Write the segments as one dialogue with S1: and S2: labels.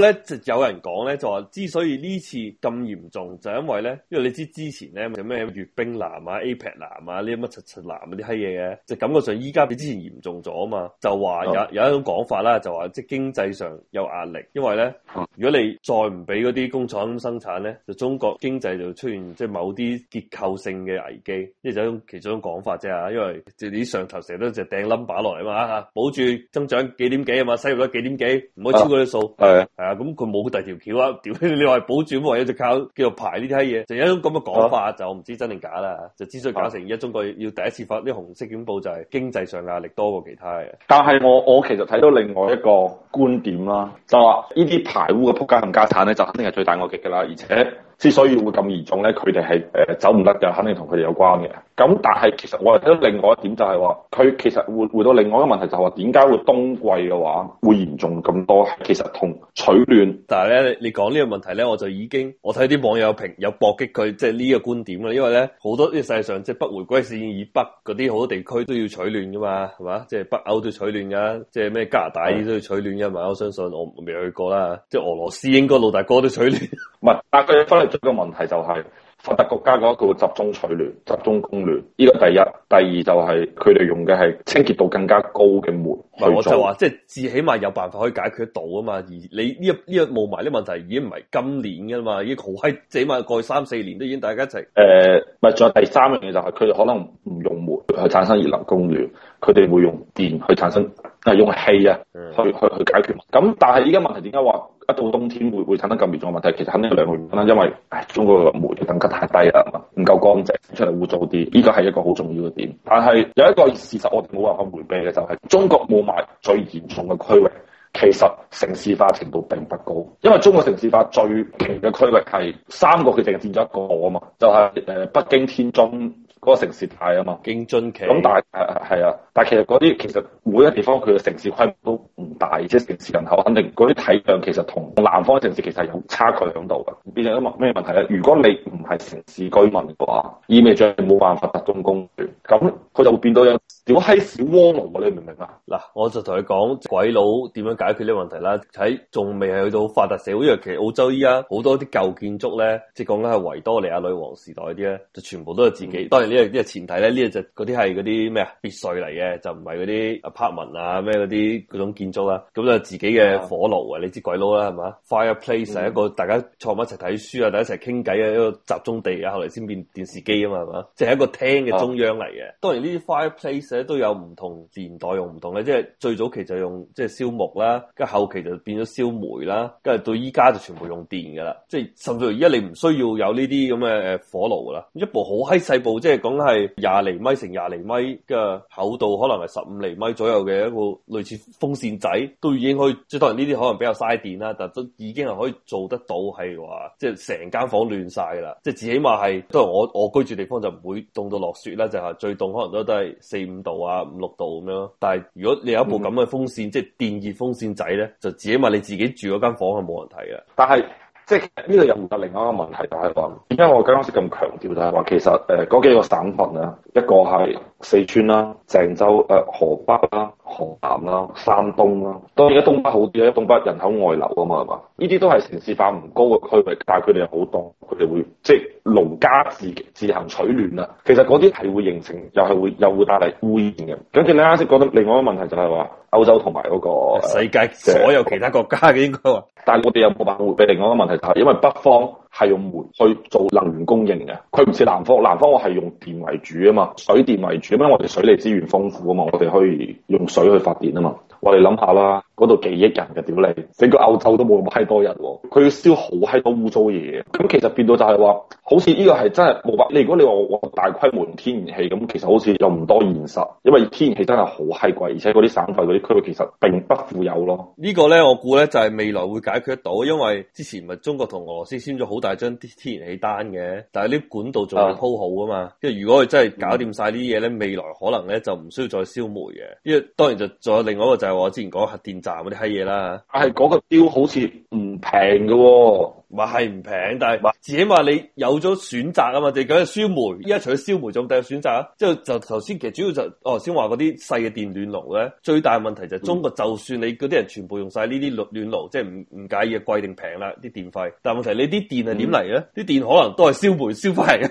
S1: 咧就 有人講咧，就話之所以呢次咁嚴重，就是，因為咧，因為你知之前咧有咩閱兵南啊、APEC 南啊，呢啲乜七七南嗰啲閪嘢嘅，就感覺上依家比之前嚴重咗啊嘛。就話有有一種講法啦，就話即係經濟上有壓力，因為咧，如果你再唔俾嗰啲工廠咁生產咧，就中國經濟就出現即係某啲結構性嘅危機，呢就一種其中一種講法啫吓。因為即係你上頭成日都只掟 number 落嚟啊嘛吓，保住增長幾點幾啊嘛，使用咗幾點幾，唔好超過啲數係啊。咁佢冇第二條橋啊！屌你，你話保住唔係一直靠叫做排呢啲嘢，就有一種咁嘅講法，的就唔知真定假啦。就之所以搞成而家中國要第一次發啲紅色警報，就係經濟上壓力多過其他嘅。
S2: 但係我我其實睇到另外一個觀點啦，就話呢啲排污嘅撲街冚家鏟咧，就肯定係最大惡極嘅啦，而且。之所以會咁嚴重咧，佢哋係誒走唔得嘅，肯定同佢哋有關嘅。咁但係其實我係睇到另外一點、就是，就係話
S1: 佢其實會回到另外一個問題、就是，就係話點解會冬季嘅話
S2: 會嚴重咁多？其實同取暖。
S1: 但係咧，你講呢個問題咧，我就已經我睇啲網友有評有搏擊佢即係呢個觀點啦。因為咧好多啲世界上即係北回歸線以北嗰啲好多地區都要取暖㗎嘛，係嘛？即係北歐都取暖㗎，即係咩加拿大都要取暖㗎嘛。的我相信我未去過啦，即係俄羅斯應該老大哥都要取暖。 唔係，但佢分類出個問題就係，
S2: 發達國家嗰個集中取暖、集中供暖，呢個第一；第二就係佢哋用嘅係清潔度更加高嘅煤。唔係，我就話
S1: 即係至起碼有辦法可以解決到啊嘛。而你呢一呢一霧霾呢個問題已經唔係今年嘅嘛，已經好閪，起碼過去三四年都已經大家一齊。
S2: 誒，唔係，仲有第三樣嘢就係佢哋可能唔用煤去產生熱能供暖，佢哋會用電去產生，啊用氣啊，的去去去解決。咁但係依家問題點解話？一到冬天會會產生咁嚴重嘅問題，其實肯定有兩個原因啦，因為中國嘅煤嘅等級太低啦，唔夠乾淨，出嚟污糟啲，呢個係一個好重要嘅點。但係有一個事實我，我哋冇辦法回避嘅就係、是，中國霧霾最嚴重嘅區域，其實城市化程度並不高，因為中國城市化最勁嘅區域係三個，佢淨係佔咗一個啊嘛，就係、是、誒北京天中、天津。嗰個城市大啊嘛，京津冀。咁但係係啊，但係其實嗰啲其實每一個地方佢嘅城市規模都唔大，即係城市人口肯定嗰啲體量其實同南方嘅城市其實有差距喺度嘅。變成一個咩問題咧？如果你唔係城市居民嘅話，意味着你冇辦法集中供咁佢就變到有小蝦小蝸牛喎，
S1: 你明唔明啊？嗱，我就同佢講鬼佬點樣解決呢個問題啦。喺仲未係去到發達社會，因為其實澳洲依家好多啲舊建築咧，即係講緊係維多利亞女王時代啲咧，就全部都係自己。嗯、當然呢個呢個前提咧，呢、呢個、就嗰啲係嗰啲咩別墅嚟嘅，就唔係嗰啲 apartment 啊咩嗰啲嗰種建築啊。咁就自己嘅火爐啊，嗯、你知鬼佬啦係嘛？fireplace 係一個、嗯、大家坐埋一齊睇書啊，大家一齊傾偈啊，一個集中地啊。後嚟先變電視機啊嘛係嘛，即係、就係、一個廳嘅中央嚟、啊啊當然呢啲 fireplace 咧都有唔同年代用唔同嘅，即係最早期就用即係燒木啦，跟後期就變咗燒煤啦，跟住到依家就全部用電噶啦，即係甚至於而家你唔需要有呢啲咁嘅誒火爐啦，一部好閪細部，即係講係廿厘米乘廿厘米嘅厚度，可能係十五厘米左右嘅一個類似風扇仔，都已經可以，即係當然呢啲可能比較嘥電啦，但都已經係可以做得到係話，即係成間房暖晒噶啦，即係至起碼係，當然我我居住地方就唔會凍到落雪啦，就係、是、最。動可能都都係四五度啊，五六度咁樣。但係如果你有一部咁嘅風扇，嗯、即係電熱風扇仔咧，就自己埋你自己住嗰間房係冇人睇嘅。但係即係呢度又問另外一個問題就，就係話點解我剛
S2: 剛先咁強調就係話，其實誒嗰、呃、幾個省份啊，一個係四川啦、啊、鄭州誒、呃、河北啦、啊、河南啦、啊、山東啦、啊，當然而家東北好啲啦，東北人口外流啊嘛，係嘛？呢啲都係城市化唔高嘅區域，但係佢哋好多。就會即係農家自自行取暖啦，其實嗰啲係會形成，又係會又會帶嚟污染嘅。跟住你啱先講到另外一個問題就係話，那個，歐洲同埋嗰個世界所有其他國家嘅應該。但係我哋有冇辦法回避另外一個問題？就係因為北方係用煤去做能源供應嘅，佢唔似南方。南方我係用電為主啊嘛，水電為主，因為我哋水利資源豐富啊嘛，我哋可以用水去發電啊嘛。我哋諗下啦。嗰度幾億人嘅屌你，整個歐洲都冇咁閪多人喎，佢要燒好閪多污糟嘢，咁其實變到就係話，好似呢個係真係冇法。你如果你話大規模天然氣咁，其實好似又唔多現實，因為天然氣真係好閪貴，而且嗰啲省份嗰啲區域其實並不富有咯。個
S1: 呢個咧我估咧就係未來會解決得到，因為之前咪中國同俄羅斯簽咗好大張啲天然氣單嘅，但係啲管道仲未鋪好啊嘛。即係的如果佢真係搞掂曬啲嘢咧，嗯、未來可能咧就唔需要再燒煤嘅。因為當然就仲有另外一個就係我之前講核電站。嗱，嗰啲乜嘢啦，但係嗰個雕好似唔平嘅喎。唔係唔平，但係自起碼你有咗選擇啊嘛，就講燒煤。依家除咗燒煤仲有，有選擇啊，即係就頭先其實主要就哦，先話嗰啲細嘅電暖爐咧，最大嘅問題就係中國，嗯、就算你嗰啲人全部用晒呢啲暖暖爐，即係唔唔介意啊貴定平啦啲電費。但係問題你啲電係點嚟？咧啲、嗯、電可能都係燒煤燒翻嚟，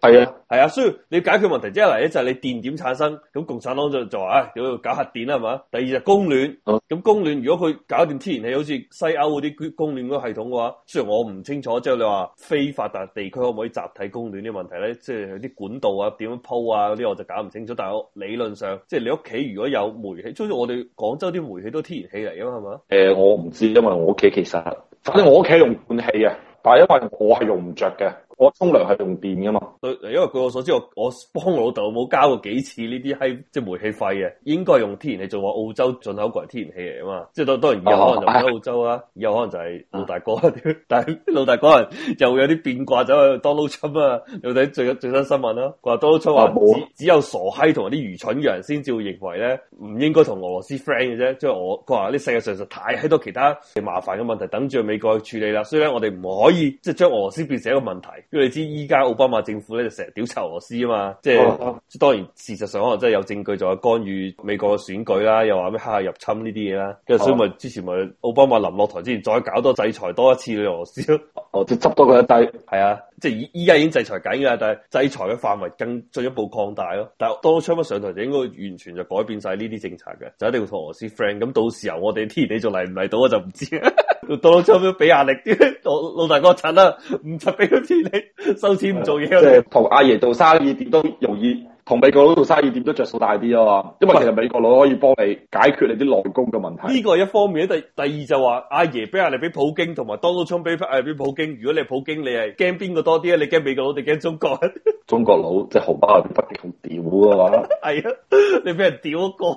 S1: 係啊係啊，所以你解決問題即係嚟咧，就係、是、你電點產生？咁共產黨就就話唉，要、哎、搞核電啦嘛。第二就供暖，咁供、嗯、暖如果佢搞掂天然氣，好似西歐嗰啲供暖嗰個系統嘅話，我唔清楚，即係你話非發達地區可唔可以集體供暖啲問題咧，即係有啲管道啊，點樣鋪啊嗰啲，我就搞唔清楚。但係我理論上，即係你屋企如果有煤氣，就好似我哋廣州啲煤氣都天然氣嚟啊嘛，係嘛？
S2: 誒、呃，我唔知，因為我屋企其實，反正我屋企用罐氣啊，但係因為我係用唔着嘅。我沖涼係用電㗎嘛？
S1: 對，因為據我所知，我我幫我老豆冇交過幾次呢啲閪即係煤氣費嘅，應該用天然氣做。話澳洲進口嚟天然氣嚟啊嘛。即係當當然有可能就唔喺澳洲啦，以後可能就係、啊、老大哥。啊、 但係老大哥人又會有啲變卦，走去 Donald Trump 啊！有睇最新最新新聞啦、啊，佢話 Donald Trump 話只有只有傻閪同埋啲愚蠢嘅人先至會認為咧唔應該同俄羅斯 friend 嘅啫。即係我佢話呢，世界上實太喺多其他麻煩嘅問題等住美國去處理啦，所以咧我哋唔可以即係將俄羅斯變成一個問題。因為你知依家奧巴馬政府咧就成日屌臭俄羅斯啊嘛，即、哦、當然事實上可能真係有證據做干預美國嘅選舉啦，又話咩黑客入侵呢啲嘢啦，跟住，哦、所以咪之前咪奧巴馬臨落台之前再搞多制裁多一次俄羅斯，哦即係執多佢一低係 啊。即係依依家已經制裁緊㗎，但係制裁嘅範圍更進一步擴大咯。但係 Donald Trump 上台就應該完全就改變晒呢啲政策嘅，就一定要同俄羅斯 friend。咁到時候我哋天，你仲嚟唔嚟到我就唔知。Donald Trump 俾壓力啲，老大哥擦啦，唔擦俾佢天，收
S2: 錢唔做嘢。即係同阿爺做生意點都容易。同美國佬做生意點都着數大啲啊嘛，因為其實美國佬可以幫你解決你啲內功嘅問題、嗯。
S1: 呢個係一方面咧，第第二就話，阿爺俾人嚟俾普京，同埋多刀槍俾阿，俾普京。如果你係普京，你係驚邊個多啲啊？你驚美國佬定驚中國？
S2: 中國佬即係荷包有啲不敵，好屌啊嘛？係 啊
S1: 你俾人屌過。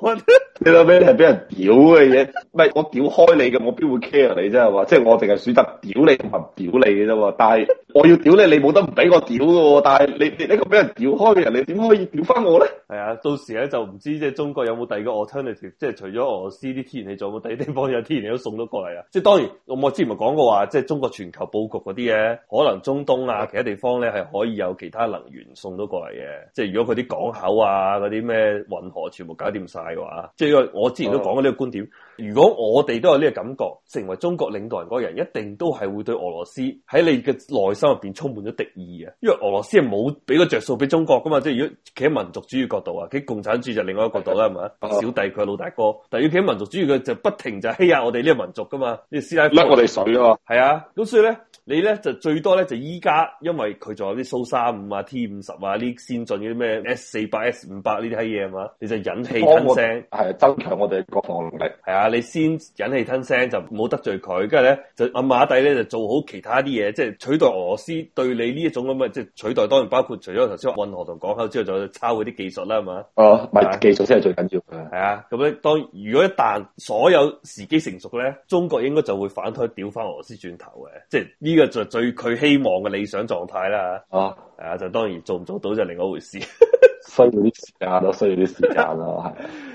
S2: 你諗咩？你係俾人屌嘅嘢，唔係我屌開你嘅，我邊會 care 你啫係嘛？即係我淨係選擇屌你同埋屌你嘅啫。但係我要屌你，你冇得唔俾我屌嘅。但係你你呢個俾人屌開嘅人，你點可以屌翻我咧？
S1: 係啊，到時咧就唔知即係中國有冇第二個 alternative，即係除咗俄羅斯啲天然氣仲有冇第二啲地方有天然氣都送到過嚟啊！即係當然、嗯、我之前咪講過話，即係中國全球佈局嗰啲嘢，可能中東啊其他地方咧係可以有其他能源送到過嚟嘅。即係如果佢啲港口啊嗰啲咩運河全部搞掂晒嘅話，即係。因為我之前都講過呢個觀點，如果我哋都有呢個感覺，成為中國領導人嗰個人，一定都係會對俄羅斯喺你嘅內心入邊充滿咗敵意啊！因為俄羅斯係冇俾個着數俾中國噶嘛，即係如果企喺民族主義角度啊，企喺共產主義就另外一個角度啦，係咪？小弟佢係老大哥，但係要企喺民族主義佢就不停就欺壓我哋呢個民族噶嘛，呢、這個師奶甩我哋水啊嘛，係啊，咁所以咧。你咧就最多咧就依家，因為佢仲有啲蘇三五啊、T 五十啊呢先進啲咩 S 四百、S 五百呢啲閪嘢係嘛？你就忍氣吞聲，係增強我哋國防能力。係啊，你先忍氣吞聲就唔好得罪佢，跟住咧就阿馬底咧就做好其他啲嘢，即係取代俄羅斯對你呢一種咁嘅，即係取代當然包括除咗頭先運河同港口之外，就抄佢啲技術啦，係嘛？哦，咪技術先係最緊要嘅。係啊，咁咧當如果一旦所有時機成熟咧，中國應該就會反推屌翻俄羅斯轉頭嘅，即係。呢個就最佢希望嘅理想狀態啦，吓啊，啊，就當然做唔做到就另一回事，需要啲時間咯，需要啲時間咯，係。